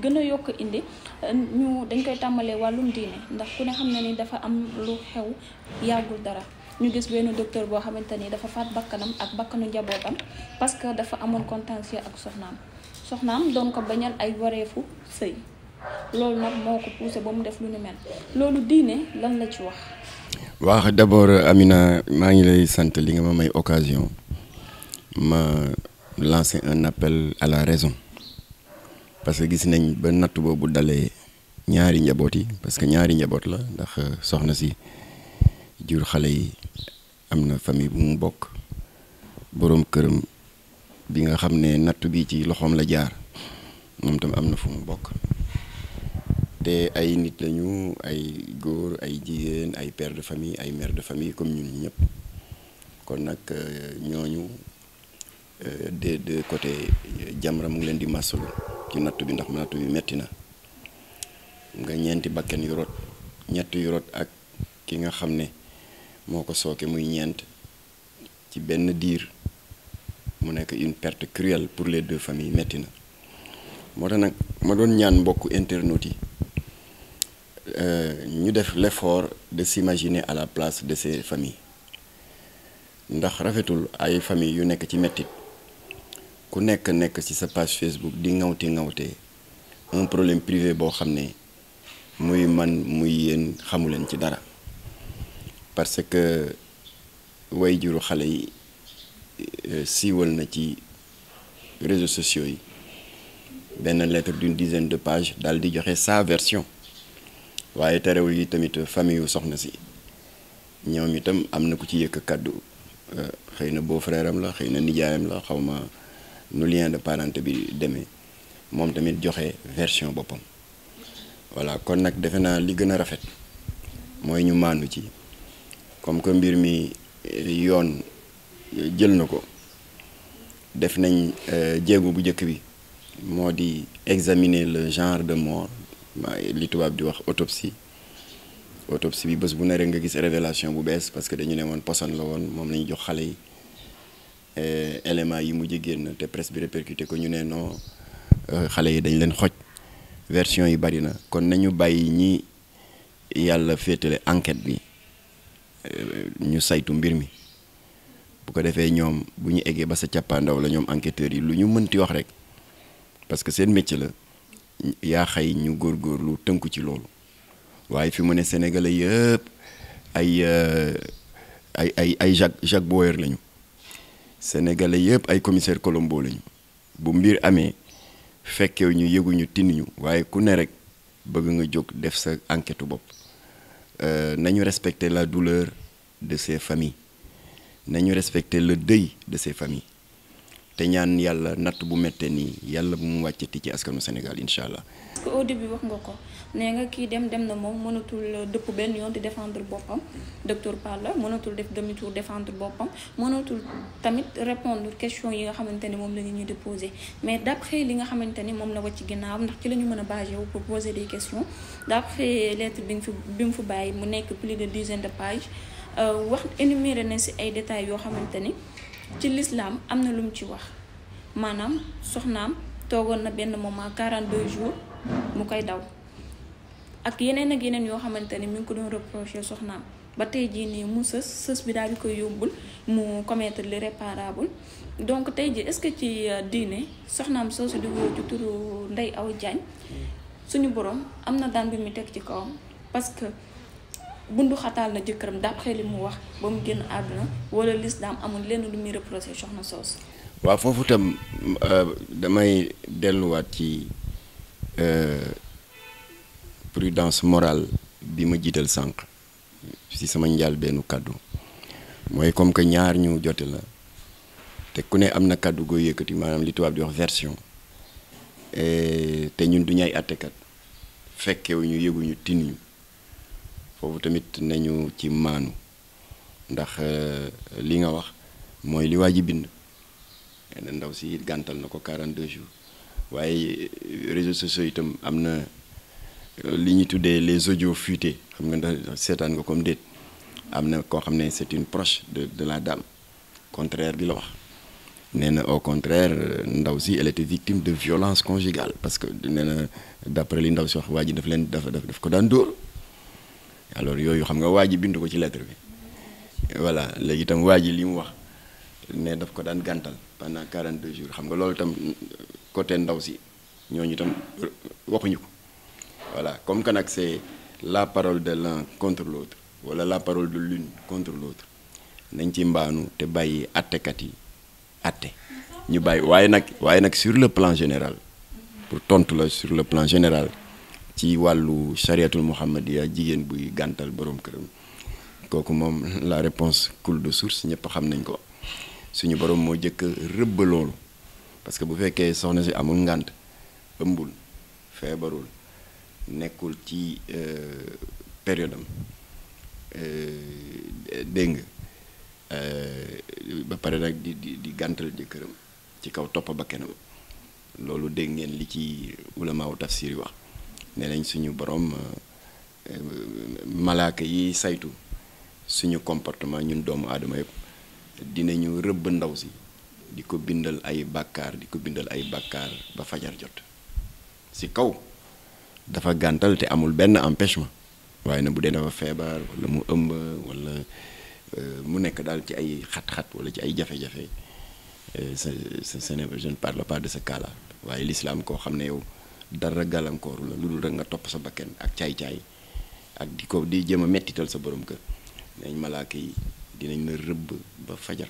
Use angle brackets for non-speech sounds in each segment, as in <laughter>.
gën a yokk indi ñu dañ koy tàmbalee wàllum diine ndax ku ne xam na ni dafa am lu xew yàggul dara ñu gis benn docteur boo xamante ni dafa faat bakkanam ak bakkanu njabootam parce que dafa amoon contentieux ak soxnaam soxnaam doon ko bañal ay wareefu sëy loolu nag moo ko poussé ba mu def lu ni mel loolu diine lan la ci wax. waaw d'abord Amina maa ngi lay sant li nga ma may occasion ma lancer un appel à la raison. parce que gis nañ ba natt boobu dalee ñaari njaboot yi parce que ñaari njaboot la ndax euh, soxna si jur xale yi am na famille bu mu bokk boroom këram bi nga xam ne natt bi ci loxoom la jaar moom tam am na fu mu bokk te ay nit lañu ay góor ay jigéen ay père de famille ay mère de famille comme ñun ñëpp kon nag euh, ñooñu. Euh, de de côté euh, Jamra mu ngi leen di masalu ci nattu bi ndax natt bi metti na nga ñeenti bakken yu ñett yu ak ki nga xam ne moo ko sooke muy ñeent ci benn diir mu nekk une perte cruelle pour les deux famille metti na moo tax nag ma doon ñaan mbokk internautes yi euh, ñu def lefort de s'imaginer à la place de ces familles ndax rafetul ay famille yu nekk ci mettit ku nekk nekk ci sa page Facebook di ŋawte ŋawte un problème privé boo xam ne muy man muy yéen xamuleen ci dara parce que way juru xale yi euh, siiwal na ci réseaux sociaux yi benn lettre d'une dizaine de page daal di joxe sa version waaye terewul yi tamit famille soxna si ñoom itam am na ku ci yëkk kàddu euh, xëy na beau-frère am la xëy na nijaayam la xawma nu lien de parenté bi deme moom tamit joxe version boppam voilà kon nag defe naa li gën a rafet mooy ñu màndu ci comme que mbir mi eh, yoon eh, jël na ko def nañ eh, jéego bu njëkk bi moo di examiner le genre de mort li tubaab di wax autopsie autopsie bi bés bu ne rek nga gis révélation bu bees parce que dañu ne woon poson la woon moom la ñu jox xale yi Eh, élément yi mu mujj génn te presse bi répercuté ko ñu ne non euh, xale yi dañ leen xoj version yi bari na kon nañu bàyyi ñi yàlla féetale enquête bi euh, ñu saytu mbir mi bu ko defee ñoom bu ñu eggee ba sa càppaandaw la ñoom enquêteurs yi lu ñu mënti wax rek parce que seen métier la yaa xay ñu lu tënku ci loolu waaye fi mu ne sénégalais yëpp ay euh, ay ay ay Jacques Jacques Boyer lañu. sénégalais yëpp ay commissaire Colombo lañu bu mbir amee fekkew ñu ñu yëguñu tinuñu waaye ku ne rek bëgg nga jóg def sa enquête bopp euh, nañu respecter la douleur de famille na nañu respecter le deuil de ces familles te ñaan yàlla natt bu mette nii yàlla bu mu ti ci askanu Sénégal incha allah. nee nga kii dem dem na moom mënatul dëpp benn yoon di défendre boppam docteur Palla mënatul def demi tour défendre boppam mënatul tamit répondre question yi nga xamante ne moom la ñu ñuy déposé mais d'après li nga xamante ni moom la wàcc ginnaaw ndax ci la ñu mën a basé wu pour poser des questions d'après lettre bi nga fi bi mu fi bàyyi mu nekk plus de dizaine de pages euh, wax énuméré na si ay détails yoo xamante ni ci lislaam am na lu mu ci wax maanaam soxnaam toogoon na benn moment 42 jours mu koy daw ak yeneen ak yeneen yoo xamante ni mi ngi ko doon reproché soxnaam ba tey jii nii mu sës sës bi daal di koy yóbbul mu li l'irréparable donc tey jii est-ce que ci euh, diine soxnaam soosu di woo ci turu Ndeye Awa suñu borom am na daan bi mu teg ci kawam parce que bundu xataal na jëkkëram d'après li mu wax ba mu génn àdduna wala listam amul lenn lu muy reproché soxna soosu. waa foofu itam euh, damay delluwaat ci. Euh, prudence morale bi ma jiital sànq si sama njaal benn kàddu mooy comme que ñaar ñu jote la te ku ne am na kàddu goo yëkkati maanaam li tubaab di wax version e, te ñun du ñay àttekat fekkewuñu yëguñu tinuñu foofu tamit nañu ci maanu ndax e, li nga wax mooy li waa ji bind ndaw si gàntal na ko quarante de jours waaye e, réseaux sociaux itam am na li ñuy tuddee les audios fuités xam nga ndax seetaan nga comme déet am na koo xam ne c'est une proche de de la dame contraire bi la wax nee na au contraire ndaw si elle était victime de violence conjugale parce que nee na d'après li ndaw si wax waa ji daf leen dafa daf ko daan dóor alors yooyu xam nga waa ji bind ko ci lettre bi voilà léegi tam waa ji li mu wax ne daf ko daan gàntal pendant 42 jours xam nga loolu tam côté ndaw si ñooñu itam waxuñu ko. voilà comme que nag c'est la parole de l'un contre l'autre wala la parole de l'une contre l'autre nañ ci mbaanu te bàyyi attekat yi atte ñu bàyyi waaye nag waaye nag sur le plan général pour tontu la sur le plan général ci wàllu chariatul muhammadiya jigéen buy gàntal boroom këram kooku moom la réponse coule de source ñëpp xam nañ ko suñu boroom moo jëkk rëbba loolu parce que bu fekkee soxna si amul ngànt ëmbul feebarul nekkul ci euh, période am euh, dégg nga euh, ba pare nag di di di gàntal jëkkëram ci kaw topp ba kenam loolu dégg ngeen li ci ulamaawu tafsir yi wax nee nañ suñu borom malaaka yi saytu suñu comportement ñun doomu aadama yëpp dinañu rëbb ndaw si di ko bindal ay bàkkaar di ko bindal ay bàkkaar ba fajar jot si kaw dafa gàntal te amul benn empêchement waaye na bu dee dafa feebar wala mu ëmb walla euh, mu nekk daal ci ay xat-xat wala ci ay jafe-jafe sa euh, n'est je ne parle pas de ce cas là waaye l'islam koo xam ne yow dara gàllankooru la lu dul rek nga topp sa bakken ak caay-caay ak di ko di jéem a mettital sa borom kër dinañ malaaka yi dinañ la rëbb ba fajar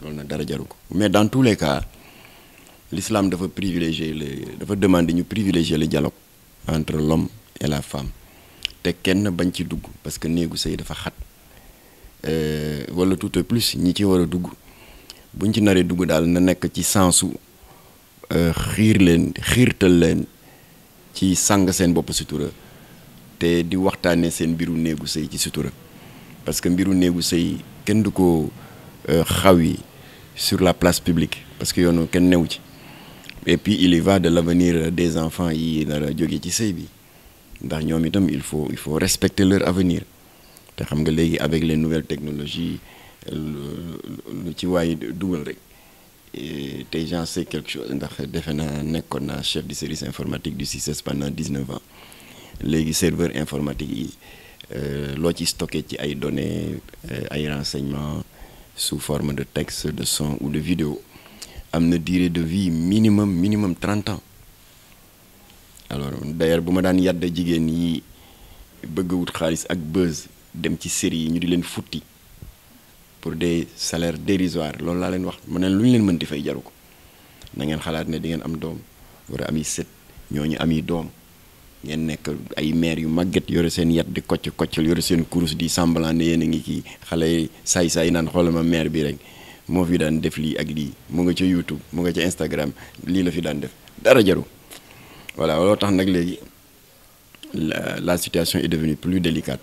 loolu nag dara jaru ko mais dans tous les cas l'islam dafa privilégier le dafa demande ñu privilégier le dialogue entre lome et la femme te kenn bañ ci dugg parce que néegu sëy dafa xat euh, wala tout au plus ñi ci war a dugg buñ ci naree dugg daal na nekk ci sensu euh, xiir leen xiirtal leen ci sàng seen bopp sutura te di waxtaanee seen mbiru néegu sëy ci sutura parce que mbiru néegu sëy kenn du ko euh, xaw yi sur la place publique parce que yoonu kenn newu ci et puis il y va de l'avenir des enfants yi nar a jóge ci sëy bi ndax ñoom itam il faut il faut respecter leur avenir te xam nga léegi avec les nouvelles technologie lu ci waay dugal rek te gens c'est quelque chose ndax defe naa nekkoon na chef du service informatique du CICES pendant 19 ans léegi serveur informatique yi euh, loo ci stocké ci ay données euh, ay renseignements sous forme de texte de son ou de vidéo am na durée de vie minimum minimum trente ans alors d'ailleurs bu ma daan yàdda jigéen yi bëgg wut xaalis ak buzz dem ci série yi ñu di leen futti pour des salaires dérisoires loolu laa leen wax mu ne lu ñu leen mën di fay jaru ko na ngeen xalaat ne di ngeen am doom war a ami sët am yi doom ngeen nekk ay maire yu màgget yore seen yat di kocc koccal yore seen kurus di semblant ne yéen a ngi kii xale saay saay naan xoolal ma maire bi rek. moo fi daan def lii ak lii mu nga ca YouTube mu nga ca Instagram lii la fi daan def dara jaru voilà looloo tax nag léegi la situation est devenue plus délicate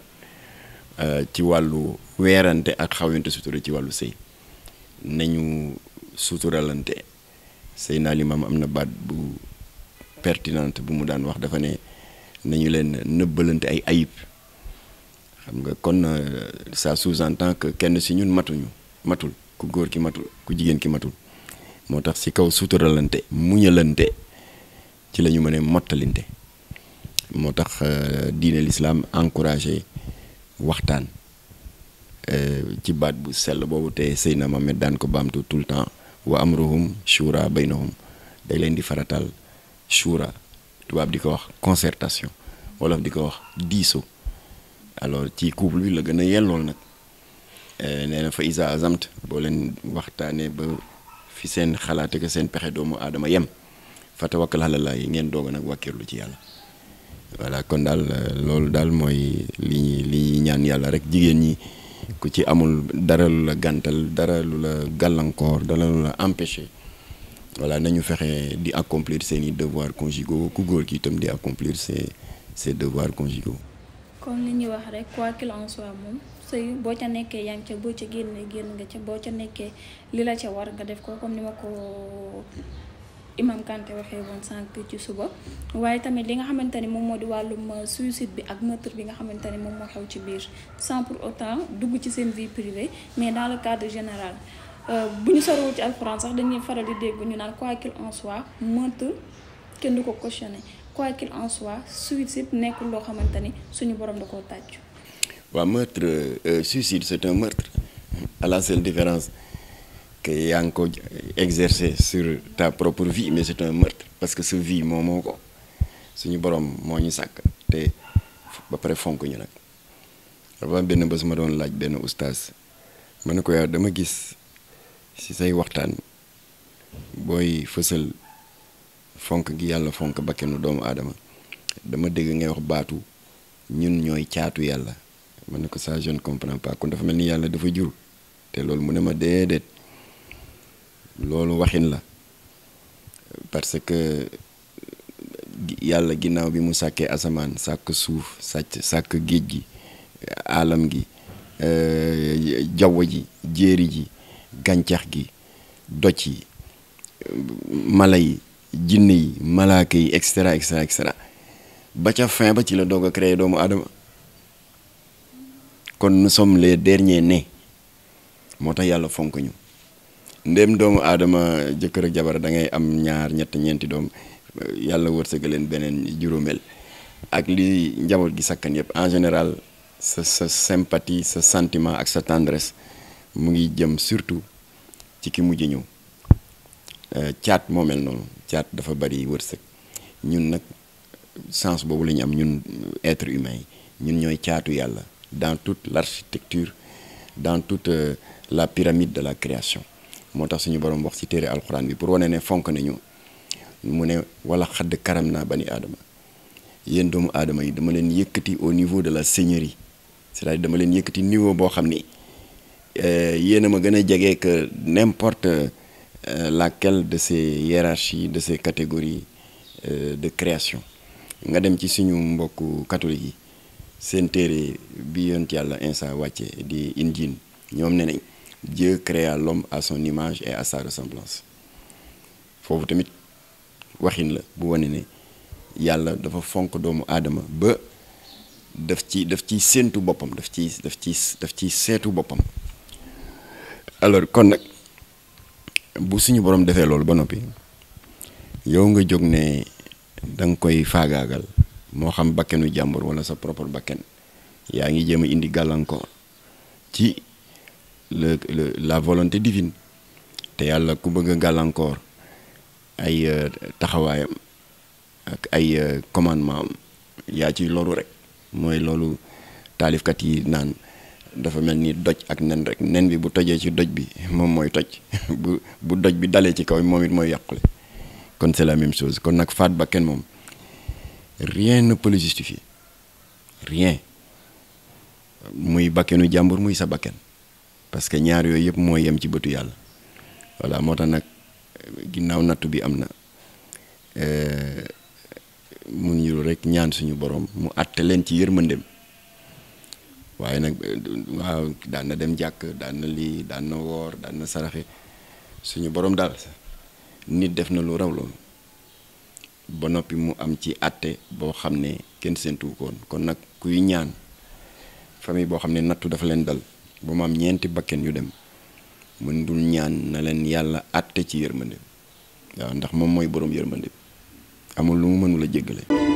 euh, ci wàllu weerante ak xawante sutura ci wàllu sëy nañu suturalante sëy naa limaam am na baat bu pertinente bu mu daan wax dafa ne nañu leen nëbbalante ay ayib xam nga kon euh, ça sous-entend que kenn si ñun matuñu matul ku góor ki matul ku jigéen ki matul moo tax si kaw suuturalante muñalante ci lañu ñu mën mottalinte moo tax euh, diine lislaam encourage waxtaan euh, ci baat bu sell boobu te Seydina Mohamed daan ko baamtu tout le temps wa amruhum shura baynahum day leen di faratal shura tubaab di ko wax concertation wolof di ko wax diisoo alors ci couple bi la gën a yellool nag Eh, nee na fa isa azamt boo leen waxtaanee ba fi seen xalaat ak seen pexe doomu aadama yem fa tawakkal alallah yi ngeen doog nag lu ci yàlla voilà kon daal eh, loolu daal mooy li li ñaan yàlla rek jigéen ñi ku ci amul dara lu la gàntal dara lu la gàllankoor dara lu la empêché voilà nañu fexe di accomplir seeni devoirs conjugaux ku góor ki itam di accomplir ses ses devoirs conjugaux comme li ñuy wax rek quoi qu'il en soit moom sëy boo ca nekkee yaa ca boo ca génne génn nga ca boo ca nekkee li la ca war nga def ko comme ni ma ko imam Kanté waxee woon sànq ci suba waaye tamit li nga xamante ni moom moo di wàllum suicide bi ak meurtre bi nga xamante ni moom moo xew ci biir sans pour dugg ci seen vie privée mais dans le cadre général euh, bu ñu sorewul ci alxuraan sax dañuy faral di dégg ñu naan quoi qu'il en soit meurtre kenn du ko cautionné quoi qu'il en soit suicide nekkul loo xamante suñu borom da koo tàcc. waaw meurtre euh, suicide c'est meurtre à la seule différence que yaa ngi ko exercer sur ta propre vie mais c'est meurtre parce que su vie moo moo ko suñu borom moo ñu sàkk te ba pare fonk ñu nag avant benn bés ma doon laaj benn oustaz ma ne ko yaa dama gis ci say waxtaan booy fësal. fonk gi yàlla fonk bakkenu doomu aadama dama dégg ngay wax baatu ñun ñooy caatu yàlla ma ne ko ça je ne kon dafa mel ni yàlla dafa jur te loolu mu ne ma déedéet loolu waxin la parce que yàlla ginnaaw bi mu sàkkee asamaan sàkk suuf sàcc sàkk géej gi aalam gi euh, jaww ji jéeri ji gàncax gi doj yi mala yi jinne yi malaaka yi et cetera et ba ca fin ba ci la doog a créé doomu aadama kon nu sommes les derniers nés moo tax yàlla fonk ñu ndéem doomu aadama jëkkër ak jabar da ngay am ñaar ñett ñeenti doom yàlla leen beneen juróomeel ak li njaboot gi sakkan yëpp en général sa sa sympathie sa sentiment ak sa tendresse mu ngi jëm surtout ci ki mujj ñëw Euh, caat moo mel noonu caat dafa bari wërsëg ñun nag sens boobu la ñu am ñun euh, être humain yi ñun ñooy caatu yàlla dans toute l'architecture dans toute euh, la pyramide de la création moo tax suñu borom wax ci téere alxuraan bi pour wane ne fonk nañu mu ne wala xadd karam naa ni aadama yéen doomu aadama yi dama leen yëkkati au niveau de la seigneurie cest à dama leen yëkkati niveau boo xam ni yéen a ma gën a jege que n'importe Euh, laquelle de ces hiérarchies de ces catégories euh, de création nga dem ci suñu mbokku katolik yi seen téere bi yont yàlla instant wàcce di Injil ñoom ne nañ Dieu créa l'homme à son image et à sa ressemblance foofu tamit waxin la bu wane ne yàlla dafa fonk doomu aadama ba daf ci daf ci séentu boppam daf ci daf ci daf ciy seetu boppam alors kon nag bu suñu borom defee loolu ba noppi yow nga jóg ne danga koy faagaagal moo xam bakkenu jàmbur wala sa propre bakken yaa ngi jéem a indi gàllankoor ci le la volonté divine te yàlla ku bëgg gàllankoor ay euh, taxawaayam ak ay euh, commandement am yaa ci loru rek mooy loolu taalifkat yi naan dafa mel ni doj ak nen rek nen bi bu tojee ci doj bi moom mooy toj <laughs> bu bu doj bi dalee ci kaw moom it mooy yàqule kon c'est la même chose kon nag faat bakkan moom rien ne peut justifier rien muy bakkenu jàmbur muy sa bakkan parce que ñaar yooyu yëpp moo yem ci bëtu yàlla voilà moo tax nag ginnaaw nattu bi am na euh, mun ñu rek ñaan suñu borom mu àtte leen ci yërmandeem waaye nag waaw daan na dem jàkk daan na lii daan na woor daan na saraxe suñu borom daal nit def na lu raw loolu ba noppi mu am ci àtte boo xam ne kenn séentu koon kon nag kuy ñaan famille boo xam ne nattu dafa leen dal bu mu am ñeenti bakken yu dem mën dul ñaan na leen yàlla àtte ci yërmande waaw ndax moom mooy borom yërmande amul lu mu mënula jéggale